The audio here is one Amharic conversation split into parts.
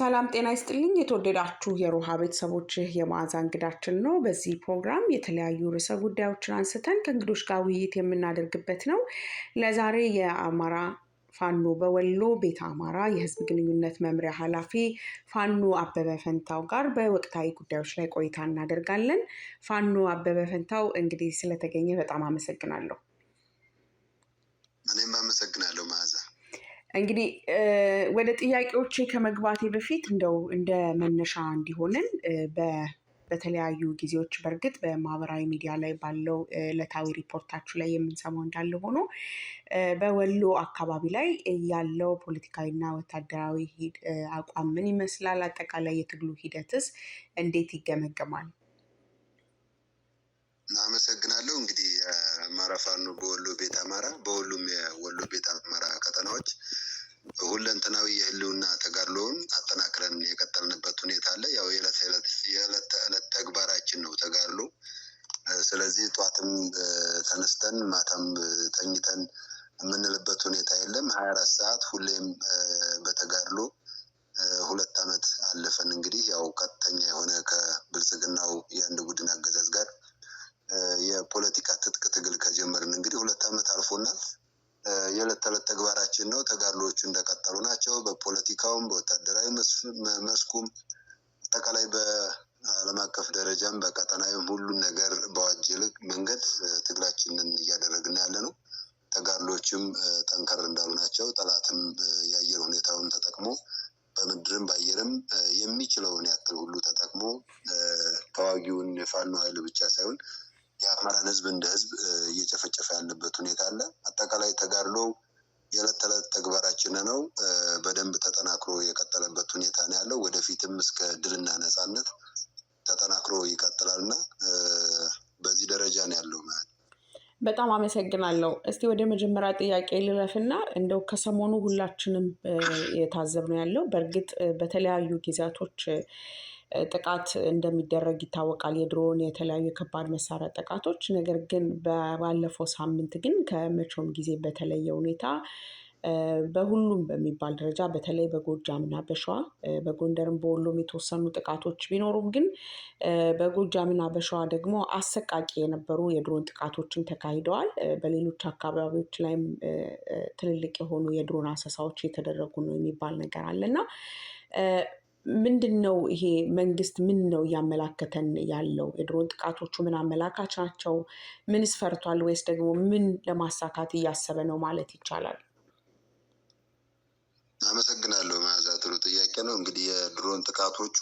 ሰላም ጤና ይስጥልኝ። የተወደዳችሁ የሮሃ ቤተሰቦች የመዓዛ እንግዳችን ነው። በዚህ ፕሮግራም የተለያዩ ርዕሰ ጉዳዮችን አንስተን ከእንግዶች ጋር ውይይት የምናደርግበት ነው። ለዛሬ የአማራ ፋኖ በወሎ ቤተ አማራ የህዝብ ግንኙነት መምሪያ ኃላፊ ፋኖ አበበ ፈንታው ጋር በወቅታዊ ጉዳዮች ላይ ቆይታ እናደርጋለን። ፋኖ አበበ ፈንታው እንግዲህ ስለተገኘ በጣም አመሰግናለሁ። እኔም አመሰግናለሁ መዓዛ። እንግዲህ ወደ ጥያቄዎቼ ከመግባቴ በፊት እንደው እንደ መነሻ እንዲሆንን በተለያዩ ጊዜዎች በእርግጥ በማህበራዊ ሚዲያ ላይ ባለው ዕለታዊ ሪፖርታችሁ ላይ የምንሰማው እንዳለ ሆኖ በወሎ አካባቢ ላይ ያለው ፖለቲካዊና ወታደራዊ አቋም ምን ይመስላል? አጠቃላይ የትግሉ ሂደትስ እንዴት ይገመገማል? አመሰግናለሁ። እንግዲህ የአማራ ፋኖ በወሎ ቤት አማራ በሁሉም የወሎ ቤት አማራ ቀጠናዎች ሁለንተናዊ የህልውና ተጋድሎውን አጠናክረን የቀጠልንበት ሁኔታ አለ። ያው የዕለት ተዕለት ተግባራችን ነው ተጋድሎ። ስለዚህ ጠዋትም ተነስተን ማታም ተኝተን የምንልበት ሁኔታ የለም። ሀያ አራት ሰዓት ሁሌም በተጋድሎ ሁለት አመት አለፈን። እንግዲህ ያው ቀጥተኛ የሆነ ከብልጽግናው የአንድ ቡድን አገዛዝ ጋር የፖለቲካ ትጥቅ ትግል ከጀመርን እንግዲህ ሁለት ዓመት አልፎናል። የዕለት ተዕለት ተግባራችን ነው። ተጋድሎዎቹ እንደቀጠሉ ናቸው። በፖለቲካውም በወታደራዊ መስኩም አጠቃላይ በዓለም አቀፍ ደረጃም በቀጠናዊም ሁሉን ነገር በዋጀ መንገድ ትግላችንን እያደረግን ያለ ነው። ተጋድሎዎችም ጠንከር እንዳሉ ናቸው። ጠላትም የአየር ሁኔታውን ተጠቅሞ በምድርም በአየርም የሚችለውን ያክል ሁሉ ተጠቅሞ ተዋጊውን የፋኖ ኃይል ብቻ ሳይሆን የአማራን ህዝብ እንደ ህዝብ እየጨፈጨፈ ያለበት ሁኔታ አለ። አጠቃላይ ተጋድሎ የዕለት ተዕለት ተግባራችን ነው። በደንብ ተጠናክሮ የቀጠለበት ሁኔታ ነው ያለው። ወደፊትም እስከ ድልና ነጻነት ተጠናክሮ ይቀጥላልና በዚህ ደረጃ ነው ያለው ማለት በጣም አመሰግናለሁ። እስቲ ወደ መጀመሪያ ጥያቄ ልለፍና እንደው ከሰሞኑ ሁላችንም የታዘብ ነው ያለው በእርግጥ በተለያዩ ጊዜያቶች ጥቃት እንደሚደረግ ይታወቃል። የድሮን የተለያዩ የከባድ መሳሪያ ጥቃቶች። ነገር ግን ባለፈው ሳምንት ግን ከመቼውም ጊዜ በተለየ ሁኔታ በሁሉም በሚባል ደረጃ በተለይ በጎጃምና በሸዋ በጎንደርም በወሎም የተወሰኑ ጥቃቶች ቢኖሩም ግን በጎጃምና በሸዋ ደግሞ አሰቃቂ የነበሩ የድሮን ጥቃቶችም ተካሂደዋል። በሌሎች አካባቢዎች ላይም ትልልቅ የሆኑ የድሮን አሰሳዎች የተደረጉ ነው የሚባል ነገር አለና። ምንድን ነው ይሄ መንግስት ምን ነው እያመላከተን ያለው? የድሮን ጥቃቶቹ ምን አመላካች ናቸው? ምን ስፈርቷል? ወይስ ደግሞ ምን ለማሳካት እያሰበ ነው ማለት ይቻላል? አመሰግናለሁ። መያዛ ጥሩ ጥያቄ ነው። እንግዲህ የድሮን ጥቃቶቹ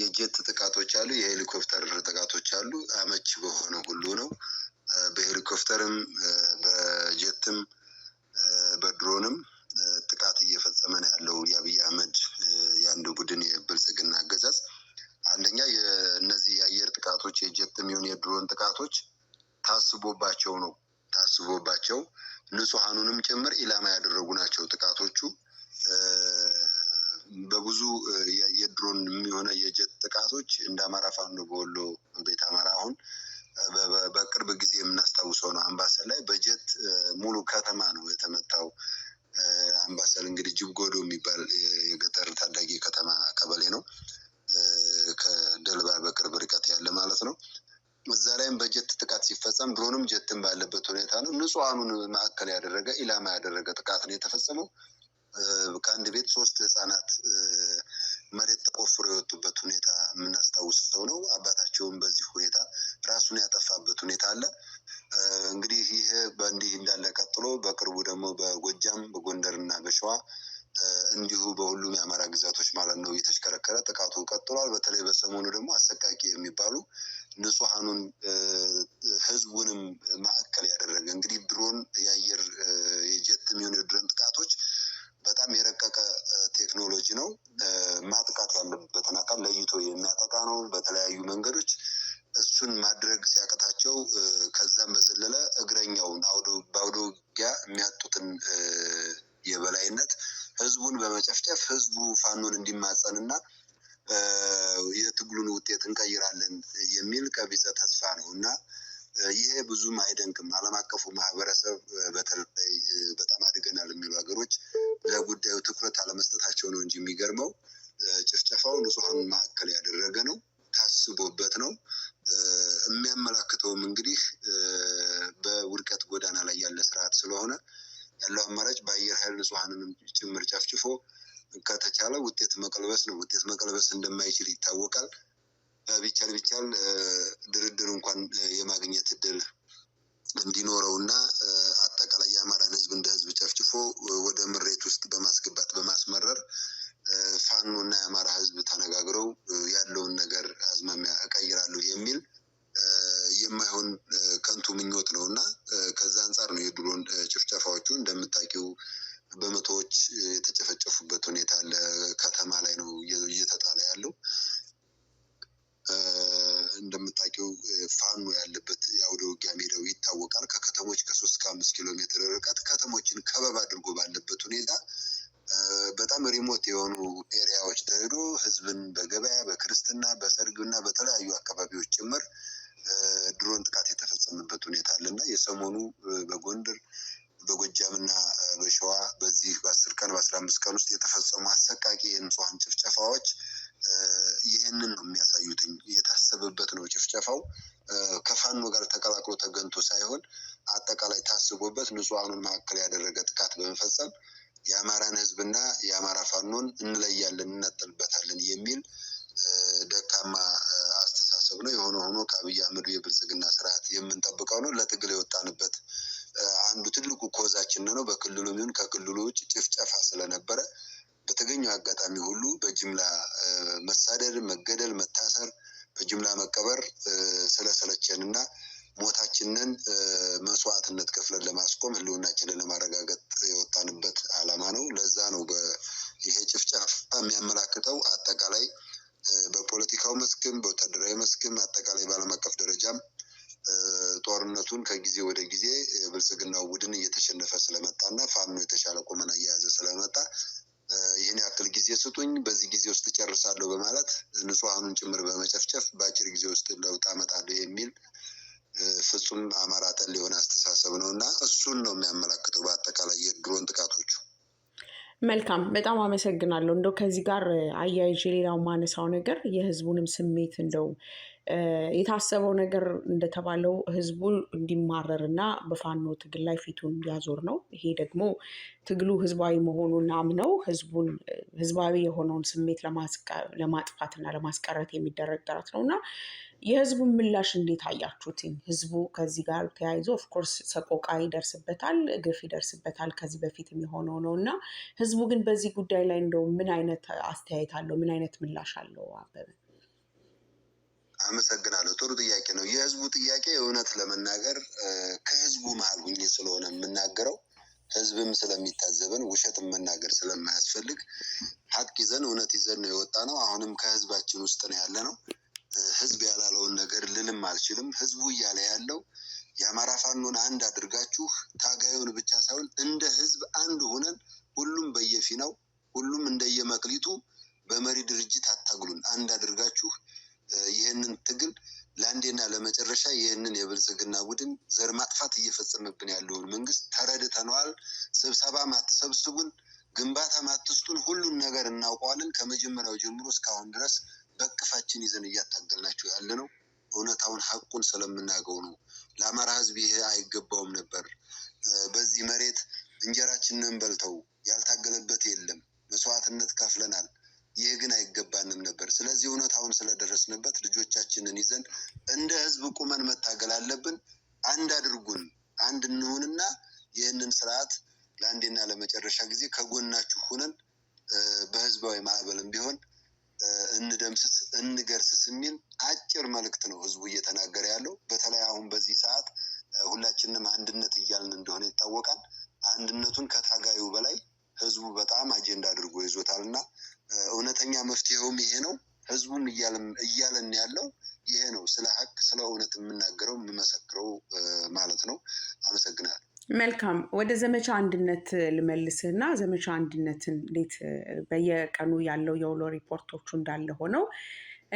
የጀት ጥቃቶች አሉ፣ የሄሊኮፕተር ጥቃቶች አሉ። አመች በሆነ ሁሉ ነው በሄሊኮፕተርም በጀትም በድሮንም ጥቃት እየፈጸመ ነው ያለው የአብይ አህመድ የአንድ ቡድን የብልጽግና አገዛዝ አንደኛ የእነዚህ የአየር ጥቃቶች የጀት የሚሆን የድሮን ጥቃቶች ታስቦባቸው ነው ታስቦባቸው ንጹሐኑንም ጭምር ኢላማ ያደረጉ ናቸው ጥቃቶቹ። በብዙ የድሮን የሚሆነ የጀት ጥቃቶች እንደ አማራ ፋኖ በወሎ ንጹሐኑን ማዕከል ያደረገ ኢላማ ያደረገ ጥቃት ነው የተፈጸመው። ከአንድ ቤት ሶስት ህጻናት መሬት ተቆፍሮ የወጡበት ሁኔታ የምናስታውሰው ነው። አባታቸውን በዚህ ሁኔታ ራሱን ያጠፋበት ሁኔታ አለ። እንግዲህ ይህ በእንዲህ እንዳለ ቀጥሎ በቅርቡ ደግሞ በጎጃም እና በሸዋ እንዲሁ በሁሉም የአማራ ግዛቶች ማለት ነው እየተሽከረከረ ጥቃቱ ቀጥሏል። በተለይ በሰሞኑ ደግሞ አሰቃቂ የሚባሉ ንጹሐኑን የሚያመላክተውም እንግዲህ በውድቀት ጎዳና ላይ ያለ ስርዓት ስለሆነ ያለው አማራጭ በአየር ኃይል ንጹሐንንም ጭምር ጨፍጭፎ ከተቻለ ውጤት መቀልበስ ነው። ውጤት መቀልበስ እንደማይችል ይታወቃል። ቢቻል ቢቻል ድርድር እንኳን የማግኘት እድል እንዲኖረው እና አጠቃላይ የአማራን ህዝብ እንደ ህዝብ ጨፍጭፎ ወደ ምሬት ውስጥ በማስገባት በማስመረር ፋኖ እና የአማራ ህዝብ ተነጋግረው ያለውን ነገር አዝማሚያ እቀይራለሁ የሚል የማይሆን ከንቱ ምኞት ነው እና ከዛ አንጻር ነው የድሮን ጭፍጨፋዎቹ እንደምታውቂው በመቶዎች የተጨፈጨፉበት ሁኔታ አለ። ከተማ ላይ ነው እየተጣለ ያለው። እንደምታውቂው ፋኖ ያለበት የአውደ ውጊያ ሜዳው ይታወቃል። ከከተሞች ከሶስት ከአምስት ኪሎ ሜትር ርቀት ከተሞችን ከበብ አድርጎ ባለበት ሁኔታ በጣም ሪሞት የሆኑ ኤሪያዎች ተሄዶ ህዝብን በገበያ በክርስትና በሰርግና በተለያዩ አካባቢዎች ጭምር ድሮን ጥቃት የተፈጸመበት ሁኔታ አለ እና የሰሞኑ በጎንደር በጎጃምና በሸዋ በዚህ በአስር ቀን በአስራ አምስት ቀን ውስጥ የተፈጸሙ አሰቃቂ የንጹሐን ጭፍጨፋዎች ይህንን ነው የሚያሳዩትኝ። የታሰበበት ነው ጭፍጨፋው ከፋኖ ጋር ተቀላቅሎ ተገንቶ ሳይሆን አጠቃላይ ታስቦበት ንጹሐኑን መካከል ያደረገ ጥቃት በመፈጸም የአማራን ህዝብና የአማራ ፋኖን እንለያለን፣ እንነጥልበታለን የሚል ደካማ ነው ከአብይ አህመዱ የብልጽግና ስርዓት የምንጠብቀው ነው። ለትግል የወጣንበት አንዱ ትልቁ ኮዛችን ነው። በክልሉ የሚሆን ከክልሉ ውጭ ጭፍጨፋ ስለነበረ በተገኘው አጋጣሚ ሁሉ በጅምላ መሳደድ፣ መገደል፣ መታሰር፣ በጅምላ መቀበር ስለሰለቸን እና ሞታችንን መስዋዕትነት ከፍለን ለማስቆም ህልውናችንን ለማረጋገጥ የወጣንበት አላማ ነው። ለዛ ነው ይሄ ጭፍጨፋ የሚያመላክተው አጠቃላይ በፖለቲካው መስክም በወታደራዊ መስክም አጠቃላይ በዓለም አቀፍ ደረጃም ጦርነቱን ከጊዜ ወደ ጊዜ ብልጽግናው ቡድን እየተሸነፈ ስለመጣና ፋኖ የተሻለ ቁመና እየያዘ ስለመጣ ይህን ያክል ጊዜ ስጡኝ፣ በዚህ ጊዜ ውስጥ ጨርሳለሁ በማለት ንጹሐኑን ጭምር በመጨፍጨፍ በአጭር ጊዜ ውስጥ ለውጥ አመጣለሁ የሚል ፍጹም አማራ ጠል የሆነ አስተሳሰብ ነው እና እሱን ነው የሚያመላክተው በአጠቃላይ የድሮን ጥቃቶቹ መልካም በጣም አመሰግናለሁ። እንደው ከዚህ ጋር አያይዤ ሌላው ማነሳው ነገር የህዝቡንም ስሜት እንደው የታሰበው ነገር እንደተባለው ህዝቡ እንዲማረር እና በፋኖ ትግል ላይ ፊቱን እንዲያዞር ነው። ይሄ ደግሞ ትግሉ ህዝባዊ መሆኑን አምነው ህዝቡን ህዝባዊ የሆነውን ስሜት ለማጥፋት እና ለማስቀረት የሚደረግ ጥረት ነው እና የህዝቡን ምላሽ እንዴት አያችሁትኝ? ህዝቡ ከዚህ ጋር ተያይዞ ኦፍኮርስ ሰቆቃ ይደርስበታል፣ ግፍ ይደርስበታል ከዚህ በፊትም የሆነው ነው እና ህዝቡ ግን በዚህ ጉዳይ ላይ እንደው ምን አይነት አስተያየት አለው? ምን አይነት ምላሽ አለው? አበበ አመሰግናለሁ። ጥሩ ጥያቄ ነው። የህዝቡ ጥያቄ እውነት ለመናገር ከህዝቡ መሀል ሁኜ ስለሆነ የምናገረው ህዝብም ስለሚታዘበን ውሸትን መናገር ስለማያስፈልግ ሀቅ ይዘን እውነት ይዘን ነው የወጣ ነው። አሁንም ከህዝባችን ውስጥ ነው ያለ ነው። ህዝብ ያላለውን ነገር ልልም አልችልም። ህዝቡ እያለ ያለው የአማራ ፋኖን አንድ አድርጋችሁ ታጋዩን ብቻ ሳይሆን እንደ ህዝብ አንድ ሆነን ሁሉም በየፊናው ሁሉም እንደየመክሊቱ በመሪ ድርጅት አታግሉን፣ አንድ አድርጋችሁ ይህንን ትግል ለአንዴና ለመጨረሻ ይህንን የብልጽግና ቡድን ዘር ማጥፋት እየፈጸመብን ያለውን መንግስት ተረድተነዋል። ስብሰባ ማትሰብስቡን ግንባታ ማትስጡን ሁሉን ነገር እናውቀዋለን ከመጀመሪያው ጀምሮ እስካሁን ድረስ በቅፋችን ይዘን እያታገልናቸው ያለ ነው። እውነታውን ሀቁን ስለምናገው ነው። ለአማራ ህዝብ ይሄ አይገባውም ነበር። በዚህ መሬት እንጀራችንን በልተው ያልታገለበት የለም። መስዋዕትነት ከፍለናል። ይህ ግን አይገባንም ነበር። ስለዚህ እውነታውን ስለደረስንበት ልጆቻችንን ይዘን እንደ ህዝብ ቁመን መታገል አለብን። አንድ አድርጉን፣ አንድ እንሁንና ይህንን ስርዓት ለአንዴና ለመጨረሻ ጊዜ ከጎናችሁ ሁነን በህዝባዊ ማዕበልም ቢሆን እንደምስስ እንገርስስ የሚል አጭር መልእክት ነው ህዝቡ እየተናገረ ያለው። በተለይ አሁን በዚህ ሰዓት ሁላችንም አንድነት እያልን እንደሆነ ይታወቃል። አንድነቱን ከታጋዩ በላይ ህዝቡ በጣም አጀንዳ አድርጎ ይዞታል እና እውነተኛ መፍትሄውም ይሄ ነው። ህዝቡም እያለን ያለው ይሄ ነው። ስለ ሀቅ ስለ እውነት የምናገረው የምመሰክረው ማለት ነው። አመሰግናለሁ። መልካም ወደ ዘመቻ አንድነት ልመልስህ እና ዘመቻ አንድነትን እንዴት በየቀኑ ያለው የውሎ ሪፖርቶቹ እንዳለ ሆነው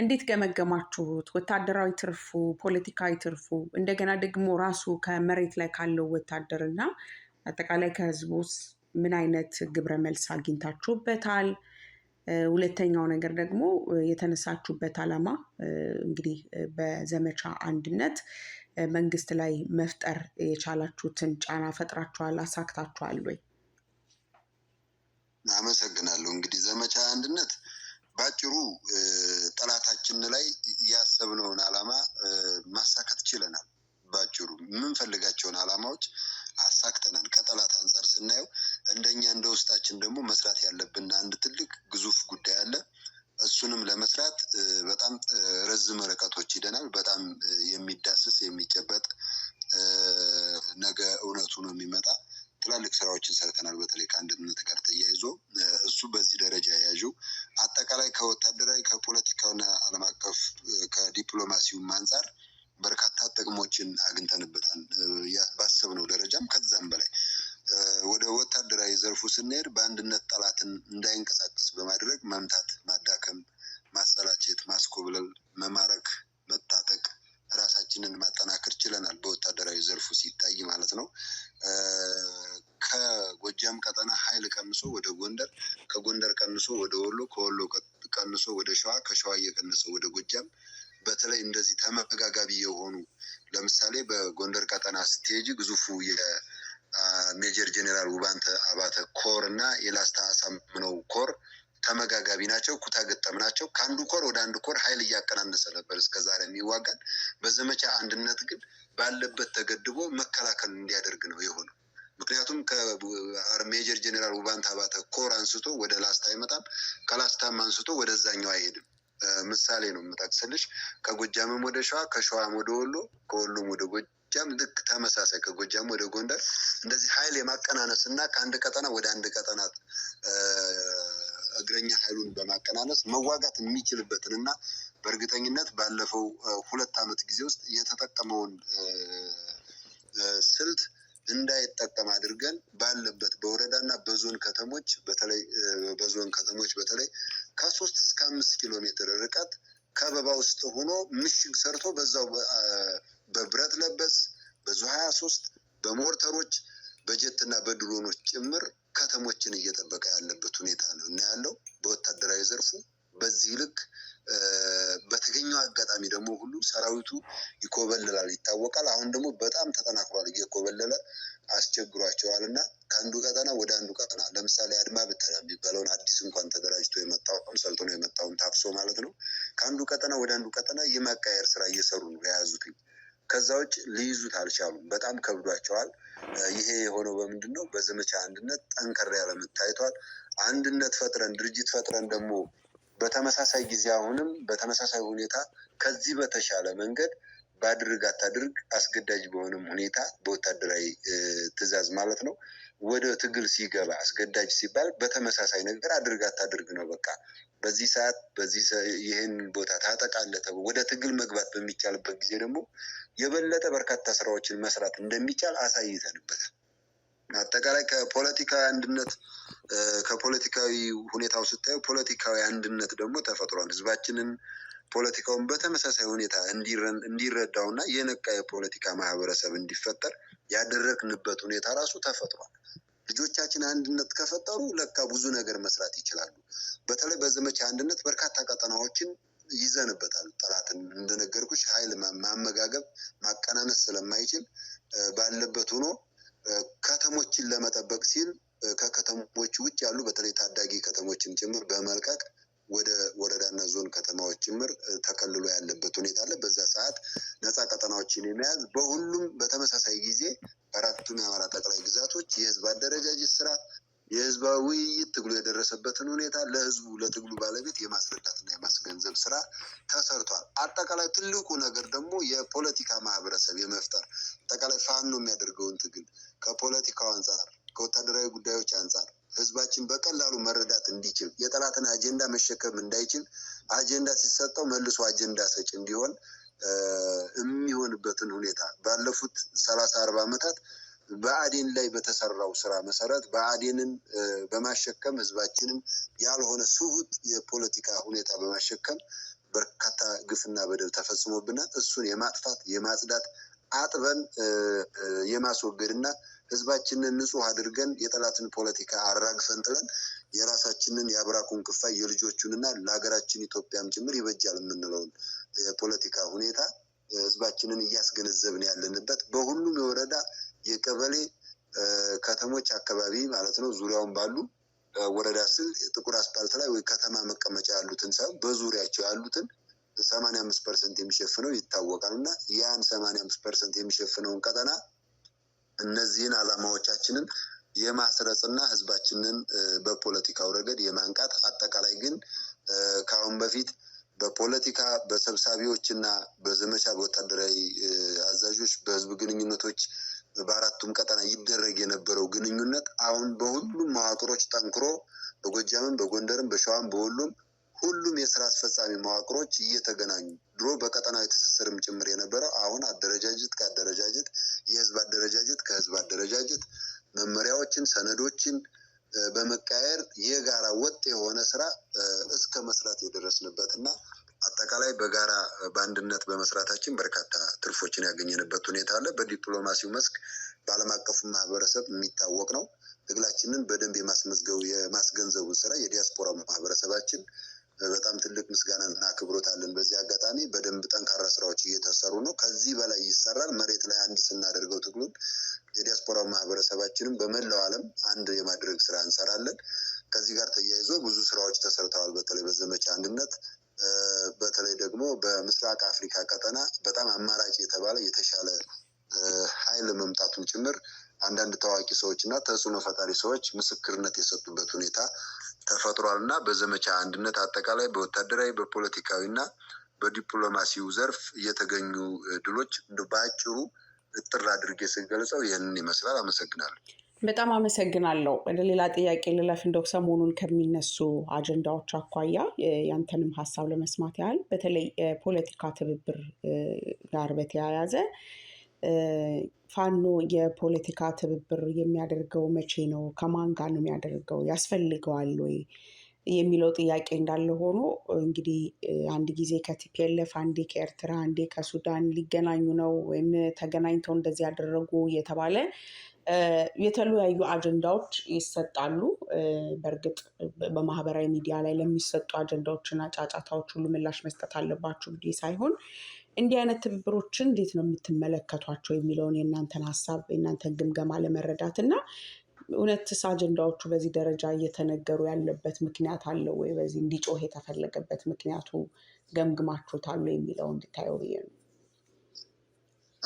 እንዴት ገመገማችሁት? ወታደራዊ ትርፉ፣ ፖለቲካዊ ትርፉ፣ እንደገና ደግሞ ራሱ ከመሬት ላይ ካለው ወታደር እና አጠቃላይ ከህዝቡ ውስጥ ምን አይነት ግብረ መልስ አግኝታችሁበታል? ሁለተኛው ነገር ደግሞ የተነሳችሁበት ዓላማ እንግዲህ በዘመቻ አንድነት መንግስት ላይ መፍጠር የቻላችሁትን ጫና ፈጥራችኋል፣ አሳክታችኋል ወይ? አመሰግናለሁ። እንግዲህ ዘመቻ አንድነት በአጭሩ ጠላታችን ላይ ያሰብነውን አላማ ማሳካት ችለናል። ባጭሩ የምንፈልጋቸውን አላማዎች አሳክተናል። ከጠላት አንጻር ስናየው እንደኛ እንደ ውስጣችን ደግሞ መስራት ያለብን አንድ ትልቅ ግዙፍ ጉዳይ አለ። እሱንም ለመስራት በጣም ረዝም ርቀቶች ሂደናል። በጣም የሚዳስስ የሚጨበጥ ነገ እውነቱ ነው የሚመጣ ትላልቅ ስራዎችን ሰርተናል። በተለይ ከአንድነት ጋር ተያይዞ እሱ በዚህ ደረጃ የያዥው አጠቃላይ ከወታደራዊ ከፖለቲካውና ዓለም አቀፍ ከዲፕሎማሲውም አንጻር በርካታ ጥቅሞችን አግኝተንበታል። ባሰብነው ደረጃም ከዛም በላይ ወደ ወታደራዊ ዘርፉ ስንሄድ በአንድነት ጠላትን እንዳይንቀሳቀስ በማድረግ መምታት ማስኮብለል፣ መማረክ፣ መታጠቅ ራሳችንን ማጠናከር ችለናል። በወታደራዊ ዘርፉ ሲታይ ማለት ነው። ከጎጃም ቀጠና ኃይል ቀንሶ ወደ ጎንደር፣ ከጎንደር ቀንሶ ወደ ወሎ፣ ከወሎ ቀንሶ ወደ ሸዋ፣ ከሸዋ እየቀንሰ ወደ ጎጃም። በተለይ እንደዚህ ተመጋጋቢ የሆኑ ለምሳሌ በጎንደር ቀጠና ስትሄጂ ግዙፉ የሜጀር ጄኔራል ውባንተ አባተ ኮር እና የላስታ አሳምነው ኮር ተመጋጋቢ ናቸው፣ ኩታ ገጠም ናቸው። ከአንዱ ኮር ወደ አንድ ኮር ኃይል እያቀናነሰ ነበር እስከዛሬ የሚዋጋን። በዘመቻ አንድነት ግን ባለበት ተገድቦ መከላከል እንዲያደርግ ነው የሆነው። ምክንያቱም ከሜጀር ጀኔራል ውባንት አባተ ኮር አንስቶ ወደ ላስታ አይመጣም፣ ከላስታም አንስቶ ወደዛኛው አይሄድም። ምሳሌ ነው የምጠቅስልሽ። ከጎጃምም ወደ ሸዋ፣ ከሸዋም ወደ ወሎ፣ ከወሎም ወደ ጎጃም ልክ ተመሳሳይ ከጎጃም ወደ ጎንደር እንደዚህ ኃይል የማቀናነስ እና ከአንድ ቀጠና ወደ አንድ ቀጠና እግረኛ ኃይሉን በማቀናነስ መዋጋት የሚችልበትን እና በእርግጠኝነት ባለፈው ሁለት ዓመት ጊዜ ውስጥ የተጠቀመውን ስልት እንዳይጠቀም አድርገን ባለበት በወረዳና በዞን ከተሞች በተለይ በዞን ከተሞች በተለይ ከሶስት እስከ አምስት ኪሎ ሜትር ርቀት ከበባ ውስጥ ሆኖ ምሽግ ሰርቶ በዛው በብረት ለበስ በዙ ሀያ ሶስት በሞርተሮች በጀትና በድሮኖች ጭምር ከተሞችን እየጠበቀ ያለበት ሁኔታ ነው። ሰራዊቱ ይኮበልላል፣ ይታወቃል። አሁን ደግሞ በጣም ተጠናክሯል፣ እየኮበለለ አስቸግሯቸዋል እና ከአንዱ ቀጠና ወደ አንዱ ቀጠና ለምሳሌ አድማ ብተና የሚባለውን አዲስ እንኳን ተደራጅቶ የመጣውን ሰልጥኖ የመጣውን ታፍሶ ማለት ነው። ከአንዱ ቀጠና ወደ አንዱ ቀጠና የማቃየር ስራ እየሰሩ ነው የያዙትኝ። ከዛ ውጭ ሊይዙት አልቻሉም። በጣም ከብዷቸዋል። ይሄ የሆነው በምንድን ነው? በዘመቻ አንድነት ጠንከር ያለ አንድነት ፈጥረን ድርጅት ፈጥረን ደግሞ በተመሳሳይ ጊዜ አሁንም በተመሳሳይ ሁኔታ ከዚህ በተሻለ መንገድ በአድርግ አታድርግ አስገዳጅ በሆነም ሁኔታ በወታደራዊ ትዕዛዝ ማለት ነው ወደ ትግል ሲገባ አስገዳጅ ሲባል በተመሳሳይ ነገር አድርግ አታድርግ ነው። በቃ በዚህ ሰዓት በዚህ ይህን ቦታ ታጠቃለህ ተብሎ ወደ ትግል መግባት በሚቻልበት ጊዜ ደግሞ የበለጠ በርካታ ስራዎችን መስራት እንደሚቻል አሳይተንበታል። አጠቃላይ ከፖለቲካዊ አንድነት ከፖለቲካዊ ሁኔታው ስታዩ ፖለቲካዊ አንድነት ደግሞ ተፈጥሯል። ህዝባችንን ፖለቲካውን በተመሳሳይ ሁኔታ እንዲረዳው እና የነቃ የፖለቲካ ማህበረሰብ እንዲፈጠር ያደረግንበት ሁኔታ ራሱ ተፈጥሯል። ልጆቻችን አንድነት ከፈጠሩ ለካ ብዙ ነገር መስራት ይችላሉ። በተለይ በዘመቻ አንድነት በርካታ ቀጠናዎችን ይዘንበታል። ጠላትን እንደነገርኩሽ ኃይል ማመጋገብ ማቀናነስ ስለማይችል ባለበት ሆኖ ከተሞችን ለመጠበቅ ሲል ከከተሞች ውጭ ያሉ በተለይ ታዳጊ ከተሞችን ጭምር በመልቀቅ ወደ ወረዳና ዞን ከተማዎች ጭምር ተከልሎ ያለበት ሁኔታ አለ። በዛ ሰዓት ነፃ ቀጠናዎችን የመያዝ በሁሉም በተመሳሳይ ጊዜ አራቱም የአማራ ጠቅላይ ግዛቶች የህዝብ አደረጃጀት ስራ የህዝባዊ ውይይት ትግሉ የደረሰበትን ሁኔታ ለህዝቡ ለትግሉ ባለቤት የማስረዳትና የማስገንዘብ ስራ ተሰርቷል። አጠቃላይ ትልቁ ነገር ደግሞ የፖለቲካ ማህበረሰብ የመፍጠር አጠቃላይ ፋኖ የሚያደርገውን ትግል ከፖለቲካው አንጻር፣ ከወታደራዊ ጉዳዮች አንጻር ህዝባችን በቀላሉ መረዳት እንዲችል የጠላትን አጀንዳ መሸከም እንዳይችል አጀንዳ ሲሰጠው መልሶ አጀንዳ ሰጭ እንዲሆን የሚሆንበትን ሁኔታ ባለፉት ሰላሳ አርባ ዓመታት በአዴን ላይ በተሰራው ስራ መሰረት በአዴንን በማሸከም ህዝባችንም ያልሆነ ስሁት የፖለቲካ ሁኔታ በማሸከም በርካታ ግፍና በደል ተፈጽሞብናል። እሱን የማጥፋት የማጽዳት አጥበን የማስወገድና ህዝባችንን ንጹህ አድርገን የጠላትን ፖለቲካ አራግፈን ጥለን የራሳችንን የአብራኩን ክፋይ የልጆቹንና ለሀገራችን ኢትዮጵያም ጭምር ይበጃል የምንለውን የፖለቲካ ሁኔታ ህዝባችንን እያስገነዘብን ያለንበት በሁሉም የወረዳ የቀበሌ ከተሞች አካባቢ ማለት ነው ዙሪያውን ባሉ ወረዳ ስል ጥቁር አስፓልት ላይ ወይ ከተማ መቀመጫ ያሉትን ሳይሆን በዙሪያቸው ያሉትን ሰማንያ አምስት ፐርሰንት የሚሸፍነው ይታወቃል እና ያን ሰማንያ አምስት ፐርሰንት የሚሸፍነውን ቀጠና እነዚህን አላማዎቻችንን የማስረጽና ህዝባችንን በፖለቲካው ረገድ የማንቃት አጠቃላይ ግን ከአሁን በፊት በፖለቲካ በሰብሳቢዎች በዘመቻ በወታደራዊ አዛዦች በህዝብ ግንኙነቶች በአራቱም ቀጠና ይደረግ የነበረው ግንኙነት አሁን በሁሉም መዋቅሮች ጠንክሮ በጎጃምም፣ በጎንደርም፣ በሸዋም፣ በወሎም ሁሉም የስራ አስፈጻሚ መዋቅሮች እየተገናኙ ድሮ በቀጠናዊ ትስስርም ጭምር የነበረው አሁን አደረጃጀት ከአደረጃጀት የህዝብ አደረጃጀት ከህዝብ አደረጃጀት መመሪያዎችን፣ ሰነዶችን በመቃየር የጋራ ወጥ የሆነ ስራ እስከ መስራት የደረስንበት እና አጠቃላይ በጋራ በአንድነት በመስራታችን በርካታ ትርፎችን ያገኘንበት ሁኔታ አለ። በዲፕሎማሲው መስክ በዓለም አቀፉ ማህበረሰብ የሚታወቅ ነው። ትግላችንን በደንብ የማስመዝገቡ የማስገንዘቡን ስራ የዲያስፖራ ማህበረሰባችን በጣም ትልቅ ምስጋና እና አክብሮት አለን። በዚህ አጋጣሚ በደንብ ጠንካራ ስራዎች እየተሰሩ ነው። ከዚህ በላይ ይሰራል። መሬት ላይ አንድ ስናደርገው ትግሉን የዲያስፖራ ማህበረሰባችንም በመላው ዓለም አንድ የማድረግ ስራ እንሰራለን። ከዚህ ጋር ተያይዞ ብዙ ስራዎች ተሰርተዋል። በተለይ በዘመቻ አንድነት በተለይ ደግሞ በምስራቅ አፍሪካ ቀጠና በጣም አማራጭ የተባለ የተሻለ ኃይል መምጣቱን ጭምር አንዳንድ ታዋቂ ሰዎች እና ተጽዕኖ ፈጣሪ ሰዎች ምስክርነት የሰጡበት ሁኔታ ተፈጥሯል እና በዘመቻ አንድነት አጠቃላይ በወታደራዊ በፖለቲካዊ እና በዲፕሎማሲው ዘርፍ የተገኙ ድሎች በአጭሩ እጥር አድርጌ ስገልጸው ይህንን ይመስላል። አመሰግናለሁ። በጣም አመሰግናለሁ። ወደ ሌላ ጥያቄ ልለፍ። እንደው ሰሞኑን ከሚነሱ አጀንዳዎች አኳያ ያንተንም ሀሳብ ለመስማት ያህል በተለይ የፖለቲካ ትብብር ጋር በተያያዘ ፋኖ የፖለቲካ ትብብር የሚያደርገው መቼ ነው? ከማን ጋር ነው የሚያደርገው? ያስፈልገዋል ወይ የሚለው ጥያቄ እንዳለ ሆኖ እንግዲህ አንድ ጊዜ ከቲፒኤልኤፍ አንዴ ከኤርትራ አንዴ ከሱዳን ሊገናኙ ነው ወይም ተገናኝተው እንደዚህ ያደረጉ የተባለ የተለያዩ አጀንዳዎች ይሰጣሉ። በእርግጥ በማህበራዊ ሚዲያ ላይ ለሚሰጡ አጀንዳዎችና ጫጫታዎች ሁሉ ምላሽ መስጠት አለባችሁ ብዬ ሳይሆን እንዲህ አይነት ትብብሮችን እንዴት ነው የምትመለከቷቸው የሚለውን የእናንተን ሀሳብ የእናንተን ግምገማ ለመረዳት እና እውነትስ አጀንዳዎቹ በዚህ ደረጃ እየተነገሩ ያለበት ምክንያት አለው ወይ? በዚህ እንዲጮህ የተፈለገበት ምክንያቱ ገምግማችሁታሉ የሚለው እንድታየው ብዬ ነው።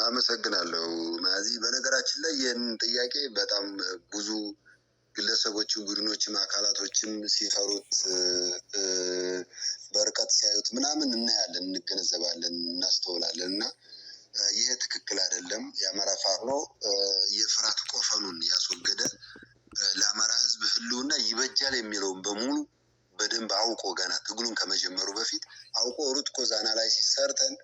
አመሰግናለሁ ማዚ። በነገራችን ላይ ይህን ጥያቄ በጣም ብዙ ግለሰቦችም ቡድኖችም አካላቶችም ሲፈሩት በርቀት ሲያዩት ምናምን እናያለን፣ እንገነዘባለን፣ እናስተውላለን እና ይሄ ትክክል አይደለም። የአማራ ፋኖ የፍርሃት ቆፈኑን ያስወገደ ለአማራ ሕዝብ ህልውና ይበጃል የሚለውን በሙሉ በደንብ አውቆ ገና ትግሉን ከመጀመሩ በፊት አውቆ ሩጥቆ ዛና ላይ ሲሰርተን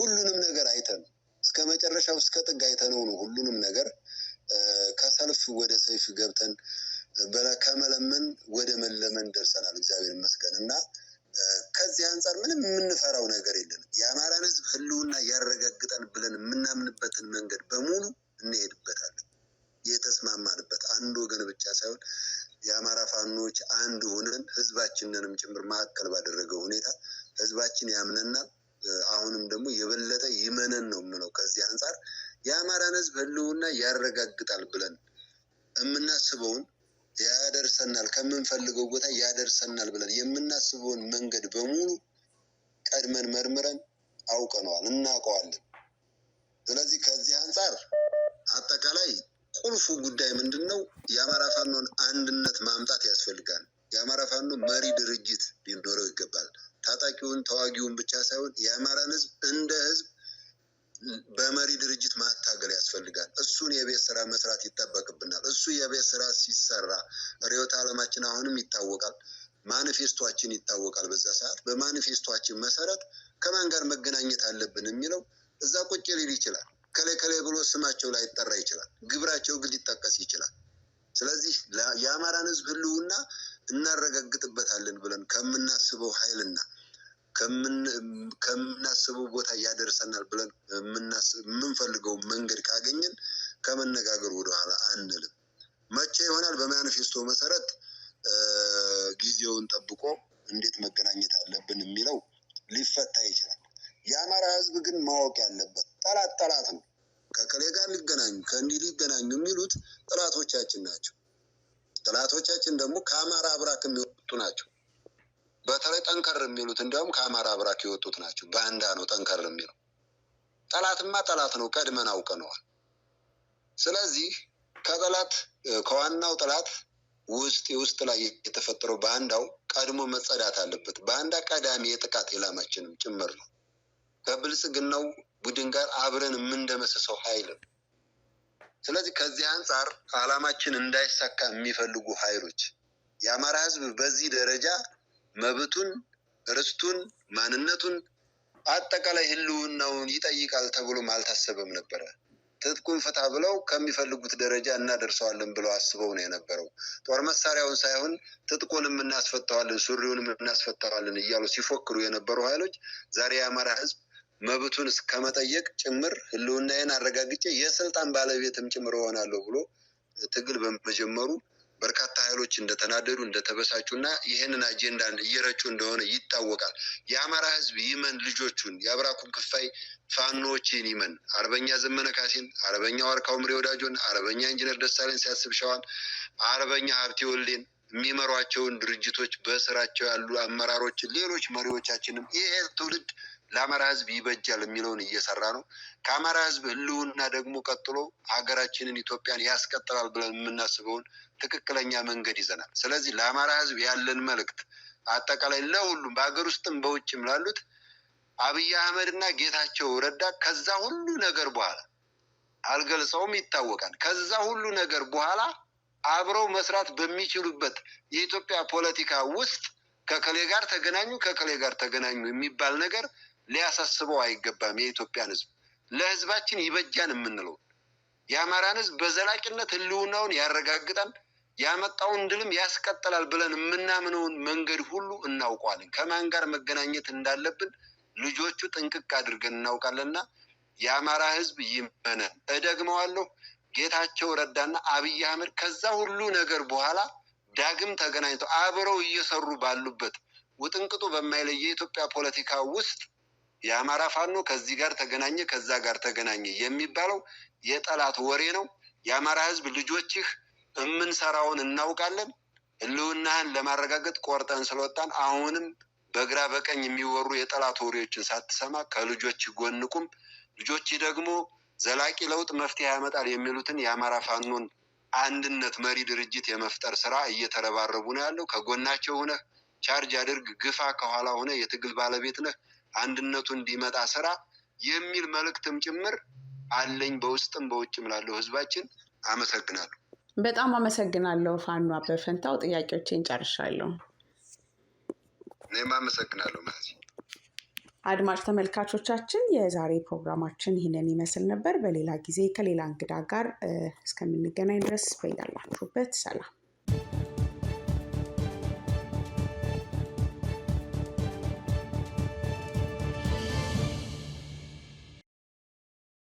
ሁሉንም ነገር አይተን እስከ መጨረሻው እስከ ጥግ አይተነው ነው ሁሉንም ነገር ከሰልፍ ወደ ሰይፍ ገብተን ከመለመን ወደ መለመን ደርሰናል። እግዚአብሔር ይመስገን እና ከዚህ አንጻር ምንም የምንፈራው ነገር የለንም። የአማራን ሕዝብ ህልውና ያረጋግጠን ብለን የምናምንበትን መንገድ በሙሉ እንሄድበታለን። የተስማማንበት አንድ ወገን ብቻ ሳይሆን የአማራ ፋኖች አንድ ሆነን ህዝባችንንም ጭምር ማዕከል ባደረገው ሁኔታ ህዝባችን ያምነናል። አሁንም ደግሞ የበለጠ ይመነን ነው የምለው። ከዚህ አንጻር የአማራን ሕዝብ ህልውና ያረጋግጣል ብለን የምናስበውን ያደርሰናል፣ ከምንፈልገው ቦታ ያደርሰናል ብለን የምናስበውን መንገድ በሙሉ ቀድመን መርምረን አውቀነዋል፣ እናውቀዋለን። ስለዚህ ከዚህ አንጻር አጠቃላይ ቁልፉ ጉዳይ ምንድን ነው? የአማራ ፋኖን አንድነት ማምጣት ያስፈልጋል። የአማራ ፋኖ መሪ ድርጅት ሊኖረው ይገባል። ታጣቂውን ተዋጊውን ብቻ ሳይሆን የአማራን ህዝብ እንደ ህዝብ በመሪ ድርጅት ማታገል ያስፈልጋል። እሱን የቤት ስራ መስራት ይጠበቅብናል። እሱ የቤት ስራ ሲሰራ ርዕዮተ ዓለማችን አሁንም ይታወቃል፣ ማኒፌስቶችን ይታወቃል። በዛ ሰዓት በማኒፌስቶችን መሰረት ከማን ጋር መገናኘት አለብን የሚለው እዛ ቁጭ ሊል ይችላል። ከላይ ከላይ ብሎ ስማቸው ላይ ይችላል፣ ግብራቸው ግን ሊጠቀስ ይችላል። ስለዚህ የአማራን ህዝብ ህልውና እናረጋግጥበታለን ብለን ከምናስበው ኃይልና ከምናስበው ቦታ ያደርሰናል ብለን የምንፈልገው መንገድ ካገኘን ከመነጋገር ወደኋላ አንልም። መቼ ይሆናል? በማኒፌስቶ መሰረት ጊዜውን ጠብቆ እንዴት መገናኘት አለብን የሚለው ሊፈታ ይችላል። የአማራ ሕዝብ ግን ማወቅ ያለበት ጠላት ጠላት ነው። ከከሌ ጋር ሊገናኙ ከእንዲህ ሊገናኙ የሚሉት ጠላቶቻችን ናቸው። ጠላቶቻችን ደግሞ ከአማራ አብራክ የሚወጡ ናቸው። በተለይ ጠንከር የሚሉት እንዲያውም ከአማራ ብራክ የወጡት ናቸው። ባንዳ ነው ጠንከር የሚለው። ጠላትማ ጠላት ነው፣ ቀድመን አውቀነዋል። ስለዚህ ከጠላት ከዋናው ጠላት ውስጥ የውስጥ ላይ የተፈጠረው ባንዳው ቀድሞ መጸዳት አለበት። ባንዳ ቀዳሚ የጥቃት ኢላማችንም ጭምር ነው። ከብልጽግናው ቡድን ጋር አብረን የምንደመሰሰው ኃይል ነው። ስለዚህ ከዚህ አንጻር አላማችን እንዳይሳካ የሚፈልጉ ኃይሎች የአማራ ሕዝብ በዚህ ደረጃ መብቱን፣ ርስቱን፣ ማንነቱን አጠቃላይ ህልውናውን ይጠይቃል ተብሎም አልታሰበም ነበረ። ትጥቁን ፍታ ብለው ከሚፈልጉት ደረጃ እናደርሰዋለን ብለው አስበው ነው የነበረው። ጦር መሳሪያውን ሳይሆን ትጥቁንም እናስፈታዋለን፣ ሱሪውንም እናስፈታዋለን እያሉ ሲፎክሩ የነበሩ ኃይሎች ዛሬ የአማራ ህዝብ መብቱን እስከመጠየቅ ጭምር ህልውናዬን አረጋግጬ የስልጣን ባለቤትም ጭምር እሆናለሁ ብሎ ትግል በመጀመሩ በርካታ ኃይሎች እንደተናደዱ እንደተበሳጩ እና ይህንን አጀንዳ እየረጩ እንደሆነ ይታወቃል። የአማራ ህዝብ ይመን ልጆቹን የአብራኩም ክፋይ ፋኖዎችን ይመን አርበኛ ዘመነ ካሴን፣ አርበኛ ዋርካው ምሬ ወዳጆን፣ አርበኛ ኢንጂነር ደሳለኝ ሲያስብ ሸዋን፣ አርበኛ ሀብቴ ወልዴን የሚመሯቸውን ድርጅቶች በስራቸው ያሉ አመራሮችን፣ ሌሎች መሪዎቻችንም ይሄ ትውልድ ለአማራ ህዝብ ይበጃል የሚለውን እየሰራ ነው። ከአማራ ህዝብ ህልውና ደግሞ ቀጥሎ ሀገራችንን ኢትዮጵያን ያስቀጥላል ብለን የምናስበውን ትክክለኛ መንገድ ይዘናል። ስለዚህ ለአማራ ህዝብ ያለን መልእክት አጠቃላይ ለሁሉም በሀገር ውስጥም በውጭም ላሉት አብይ አህመድ እና ጌታቸው ረዳ ከዛ ሁሉ ነገር በኋላ አልገልጸውም፣ ይታወቃል። ከዛ ሁሉ ነገር በኋላ አብረው መስራት በሚችሉበት የኢትዮጵያ ፖለቲካ ውስጥ ከከሌ ጋር ተገናኙ ከከሌ ጋር ተገናኙ የሚባል ነገር ሊያሳስበው አይገባም። የኢትዮጵያን ህዝብ ለህዝባችን ይበጃን የምንለው የአማራን ህዝብ በዘላቂነት ህልውናውን ያረጋግጣል፣ ያመጣውን ድልም ያስቀጥላል ብለን የምናምነውን መንገድ ሁሉ እናውቀዋለን። ከማን ጋር መገናኘት እንዳለብን ልጆቹ ጥንቅቅ አድርገን እናውቃለንና የአማራ ህዝብ ይመነን። እደግመዋለሁ። ጌታቸው ረዳና አብይ አህመድ ከዛ ሁሉ ነገር በኋላ ዳግም ተገናኝተው አብረው እየሰሩ ባሉበት ውጥንቅጡ በማይለየ የኢትዮጵያ ፖለቲካ ውስጥ የአማራ ፋኖ ከዚህ ጋር ተገናኘ፣ ከዛ ጋር ተገናኘ የሚባለው የጠላት ወሬ ነው። የአማራ ህዝብ ልጆችህ የምንሰራውን እናውቃለን። ህልውናህን ለማረጋገጥ ቆርጠን ስለወጣን አሁንም በግራ በቀኝ የሚወሩ የጠላት ወሬዎችን ሳትሰማ ከልጆች ጎን ቁም። ልጆች ደግሞ ዘላቂ ለውጥ መፍትሄ ያመጣል የሚሉትን የአማራ ፋኖን አንድነት መሪ ድርጅት የመፍጠር ስራ እየተረባረቡ ነው ያለው። ከጎናቸው ሆነህ ቻርጅ አድርግ፣ ግፋ፣ ከኋላ ሆነ የትግል ባለቤት ነህ። አንድነቱ እንዲመጣ ስራ የሚል መልእክትም ጭምር አለኝ በውስጥም በውጭም ላለው ህዝባችን አመሰግናለሁ። በጣም አመሰግናለሁ ፋኖ አበበ ፈንታው። ጥያቄዎችን ጨርሻለሁ። እኔም አመሰግናለሁ ማለት አድማጭ ተመልካቾቻችን የዛሬ ፕሮግራማችን ይህንን ይመስል ነበር። በሌላ ጊዜ ከሌላ እንግዳ ጋር እስከምንገናኝ ድረስ በያላችሁበት ሰላም